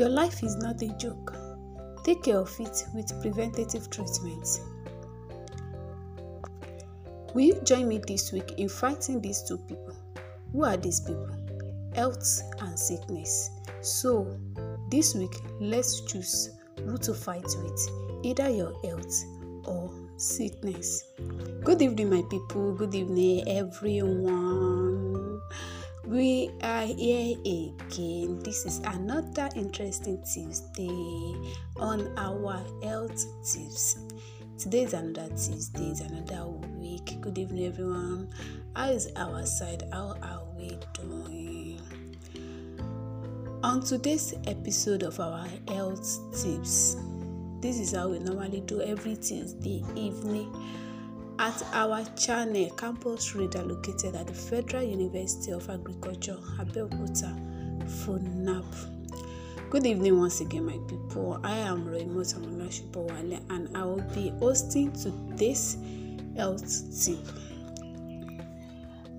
Your life is not a joke. Take care of it with preventative treatments. Will you join me this week in fighting these two people? Who are these people? Health and sickness. So, this week, let's choose who to fight with either your health or sickness. Good evening, my people. Good evening, everyone we are here again this is another interesting tuesday on our health tips today is another tuesday is another week good evening everyone how is our side how are we doing on today's episode of our health tips this is how we normally do every tuesday evening at our channel Campus Radar located at the Federal University of Agriculture, Abeokuta, FUNAB. Good evening once again, my people. I am Roimo Tamola Shupawale and I will be hosting today's health tip.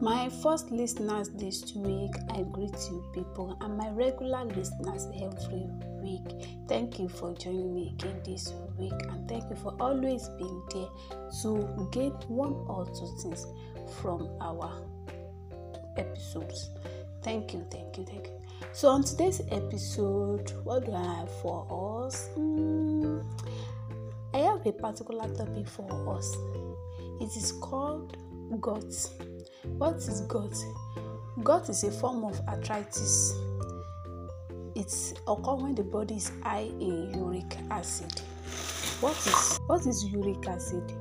My first listeners this week, I greet you people, and my regular listeners every week. Thank you for joining me again this week, and thank you for always being there to gain one or two things from our episodes. Thank you, thank you, thank you. So, on today's episode, what do I have for us? Mm, I have a particular topic for us. It is called God's what is gout? Gout is a form of arthritis. It's occurs when the body is high in uric acid. What is what is uric acid?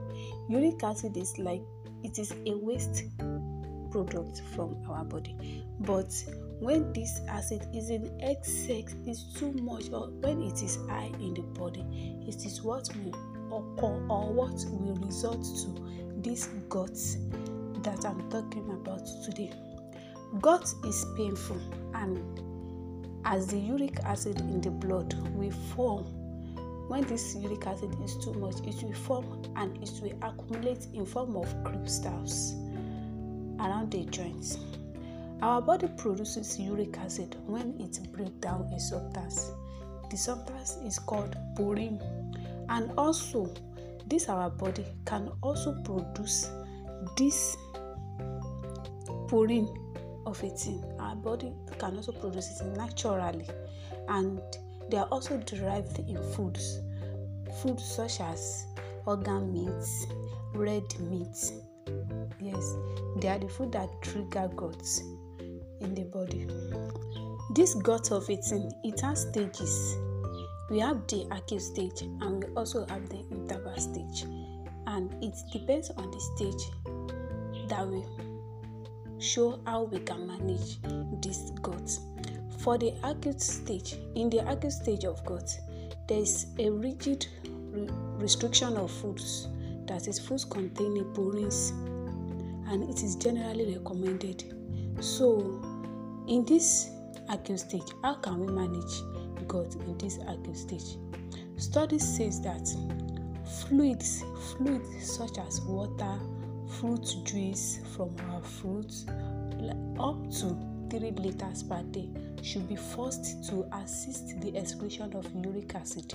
Uric acid is like it is a waste product from our body. But when this acid is in excess, is too much, or when it is high in the body, it is what will occur or what will result to this gut that I'm talking about today. Gut is painful, and as the uric acid in the blood will form, when this uric acid is too much, it will form and it will accumulate in form of crystals around the joints. Our body produces uric acid when it breaks down a substance. The substance is called purine, and also this our body can also produce this Purine of it in our body can also produce it naturally and they are also derived in foods foods such as organ meats red meats yes they are the food that trigger guts in the body this gut of eating it has stages we have the acute stage and we also have the interval stage and it depends on the stage that we show how we can manage this gut. For the acute stage, in the acute stage of gut, there is a rigid restriction of foods, that is, foods containing purines, and it is generally recommended. So, in this acute stage, how can we manage gut in this acute stage? Studies says that fluids, fluids such as water, fruit juice from our fruits up to 3 liters per day should be forced to assist the excretion of uric acid.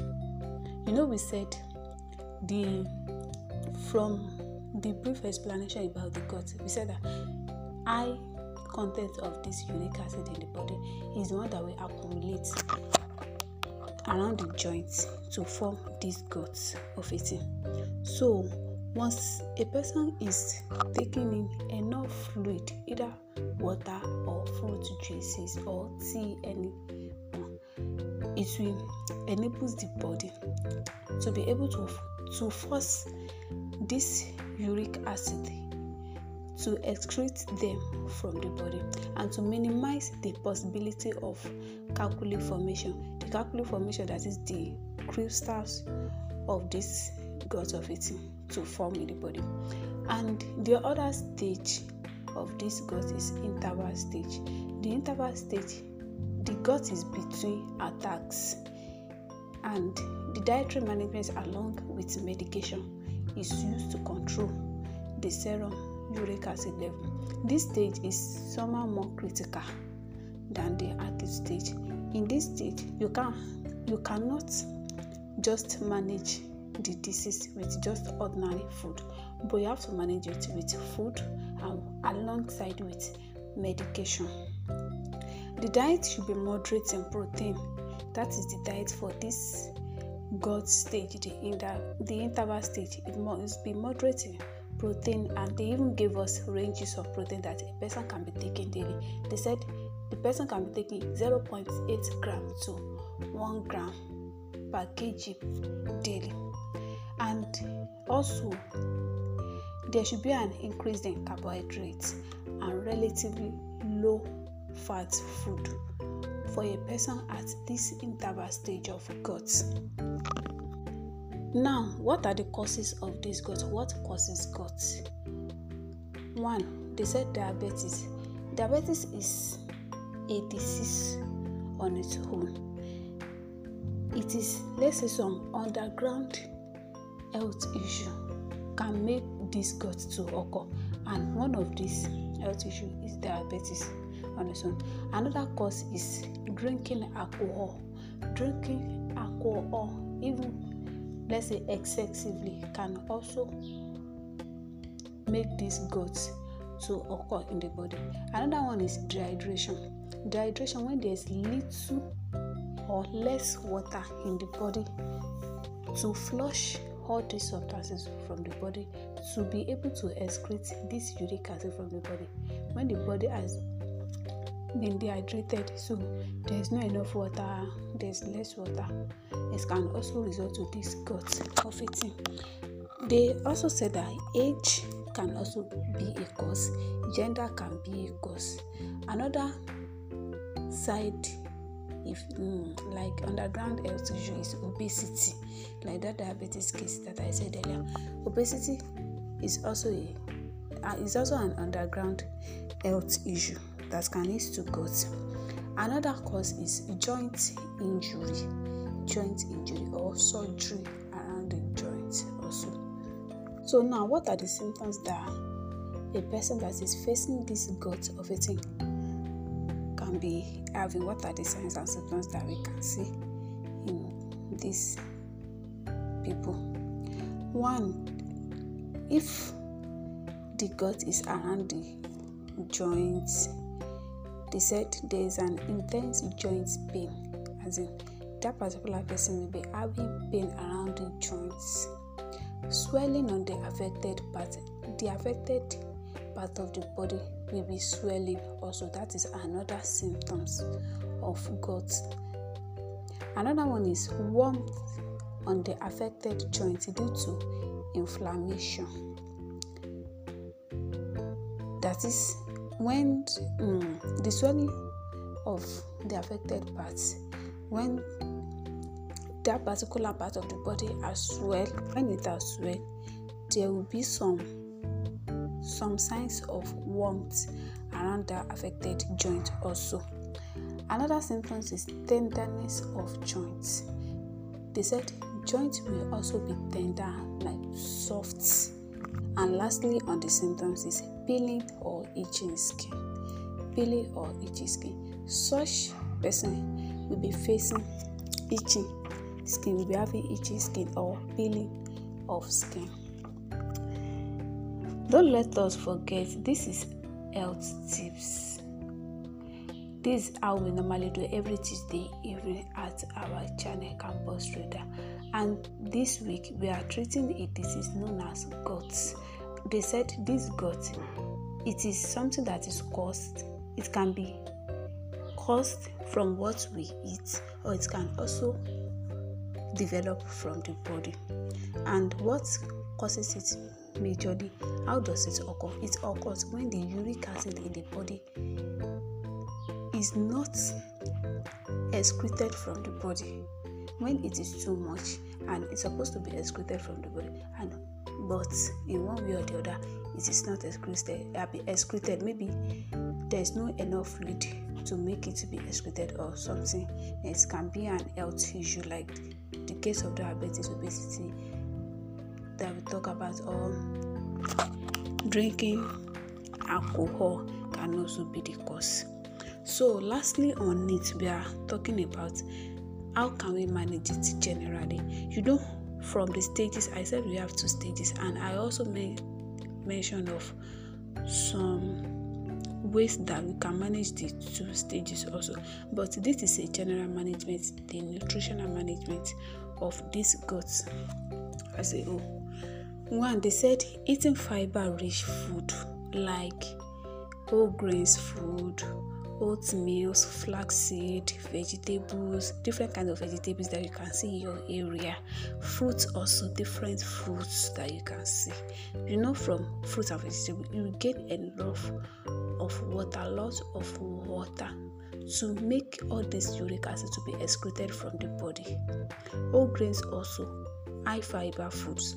You know, we said the from the brief explanation about the gut, we said that high content of this uric acid in the body is the one that we accumulate around the joints to form these guts of eating. So once a person is taking in enough fluid, either water or fruit juices or tea, any it will enable the body to be able to to force this uric acid to excrete them from the body and to minimize the possibility of calculi formation the calculi formation that is the crystals of this gut of eating to form in the body. And the other stage of this gut is interval stage. The interval stage, the gut is between attacks, and the dietary management along with medication is used to control the serum uric acid level. This stage is somewhat more critical than the active stage. In this stage, you can you cannot just manage the disease with just ordinary food, but you have to manage it with food and alongside with medication. The diet should be moderate in protein. That is the diet for this gut stage, the, inter- the interval stage. It must be moderate in protein, and they even gave us ranges of protein that a person can be taking daily. They said the person can be taking 0.8 gram to 1 gram per kg daily and also there should be an increase in carbohydrates and relatively low fat food for a person at this interval stage of gut. Now, what are the causes of this gut? What causes gut? One, they said diabetes. Diabetes is a disease on its own. It is, let's say, some underground health issue can make this gut to occur and one of these health issue is diabetes on its own another cause is drinking alcohol drinking alcohol even let's say excessively can also make this gut to occur in the body another one is dehydration dehydration when there's little or less water in the body to flush all these substances from the body to be able to excrete this uric acid from the body. When the body has been dehydrated, so there's not enough water, there's less water. It can also result to this gut buffeting. They also said that age can also be a cause, gender can be a cause. Another side if mm, like underground health issue is obesity like that diabetes case that i said earlier obesity is also a uh, is also an underground health issue that can lead to gut another cause is joint injury joint injury or surgery around the joint also so now what are the symptoms that a person that is facing this gut of a thing be having what are the signs and symptoms that we can see in these people one if the gut is around the joints they said there is an intense joint pain as in that particular person will be having pain around the joints swelling on the affected part the affected part of the body will be swelling also that is another symptoms of gut another one is warmth on the affected joint due to inflammation that is when mm, the swelling of the affected parts when that particular part of the body as well when it as well there will be some some signs of warmth around the affected joint also. Another symptom is tenderness of joints. They said joints may also be tender, like soft. And lastly, on the symptoms is peeling or itching skin. Peeling or itching skin. Such person will be facing itching skin, will be having itching skin or peeling of skin. Don't let us forget this is health tips. This is how we normally do every Tuesday evening at our channel Campus Trader. And this week we are treating a disease known as guts. They said this gut, it is something that is caused, it can be caused from what we eat, or it can also develop from the body. And what causes it majorly. How does it occur? It occurs when the uric acid in the body is not excreted from the body. When it is too much and it's supposed to be excreted from the body, and but in one way or the other, it is not excreted. Uh, excreted maybe there is no enough fluid to make it to be excreted or something. It can be an health issue like the case of diabetes, obesity, that we talk about all drinking alcohol can also be the cause. So, lastly, on it, we are talking about how can we manage it generally. You know, from the stages, I said we have two stages, and I also made mention of some ways that we can manage the two stages also. But this is a general management, the nutritional management of these guts as a whole. One, they said eating fiber rich food like whole grains food, oatmeal, flaxseed, vegetables, different kinds of vegetables that you can see in your area. Fruits also, different fruits that you can see. You know, from fruits and vegetables, you get enough of water, lots of water to make all this uric acid to be excreted from the body. Whole grains also, high fiber foods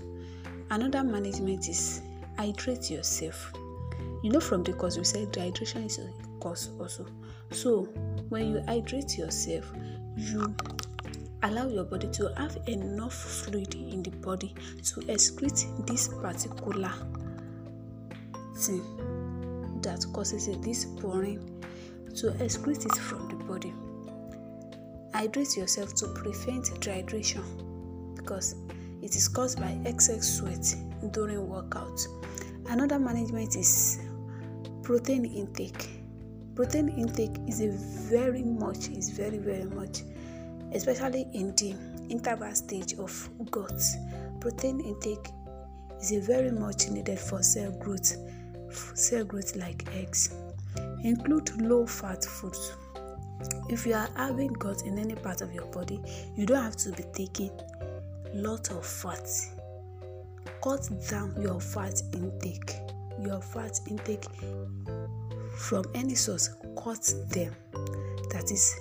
Another management is hydrate yourself. You know, from the cause we said dehydration is a cause also. So when you hydrate yourself, you allow your body to have enough fluid in the body to excrete this particular thing that causes it, this pouring to excrete it from the body hydrate yourself to prevent dehydration because it is caused by excess sweat during workout. Another management is protein intake. Protein intake is a very much is very very much, especially in the interval stage of gut. Protein intake is a very much needed for cell growth, cell growth like eggs. Include low fat foods. If you are having gut in any part of your body, you don't have to be taking lot of fat cut down your fat intake your fat intake from any source cut them that is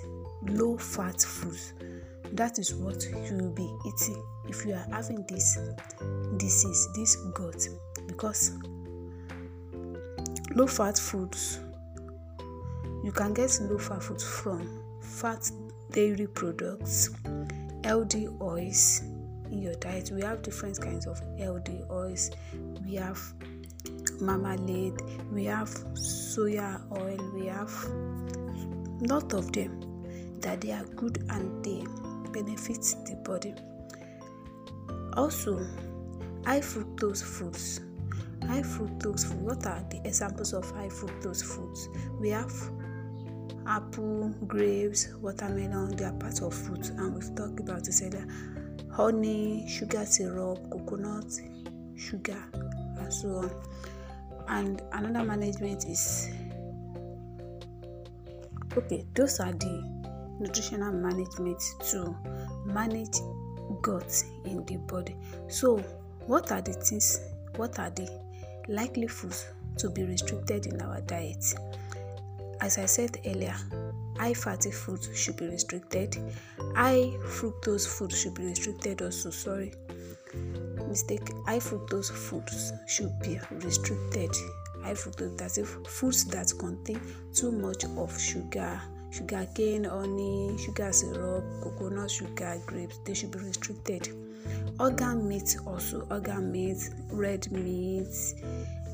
low fat foods that is what you will be eating if you are having this disease this gut because low fat foods you can get low fat foods from fat dairy products LD oils in your diet. We have different kinds of healthy oils. We have marmalade, we have soya oil, we have lot of them that they are good and they benefit the body. Also, high fructose foods. High fructose food. What are the examples of high fructose foods? We have apple, grapes, watermelon. They are part of fruits, and we've talked about this earlier. honey, sugar syrup, coconut sugar, and so on. And another management is okay, those are the nutritional management to manage gut in the body. So, what are the things, what are the likely foods to be restricted in our diet? As I said earlier, high fatty food should be restricted high fructose food should be restricted also sorry mistake high fructose foods should be restricted high fructose that is foods that contain too much of sugar sugar cane honey sugar syrup coconut sugar grapes they should be restricted organ meat also organ meat red meat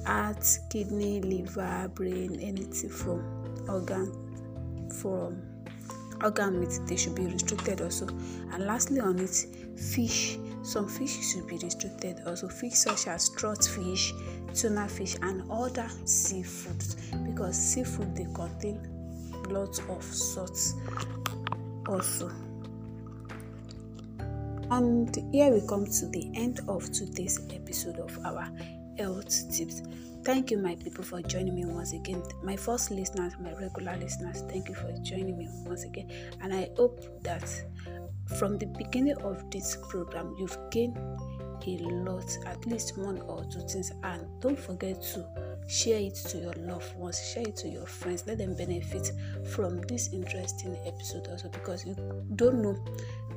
heart kidney liver brain anything from organ for um, organ meat they should be restricted also and lastly on it fish some fish should be restricted also fish such as trout fish tuna fish and other seafoods because seafood they contain lots of salts also and here we come to the end of today's episode of our health tips Thank you, my people, for joining me once again. My first listeners, my regular listeners, thank you for joining me once again. And I hope that from the beginning of this program, you've gained a lot, at least one or two things. And don't forget to share it to your loved ones, share it to your friends, let them benefit from this interesting episode also because you don't know,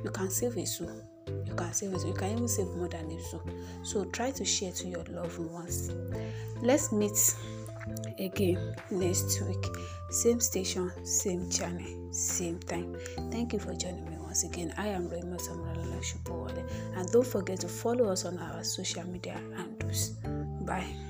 you can save a soul you can save it. You can even save more than if So, So try to share to your loved ones. Let's meet again next week. Same station, same channel, same time. Thank you for joining me once again. I am Rema Samrala And don't forget to follow us on our social media handles. Bye.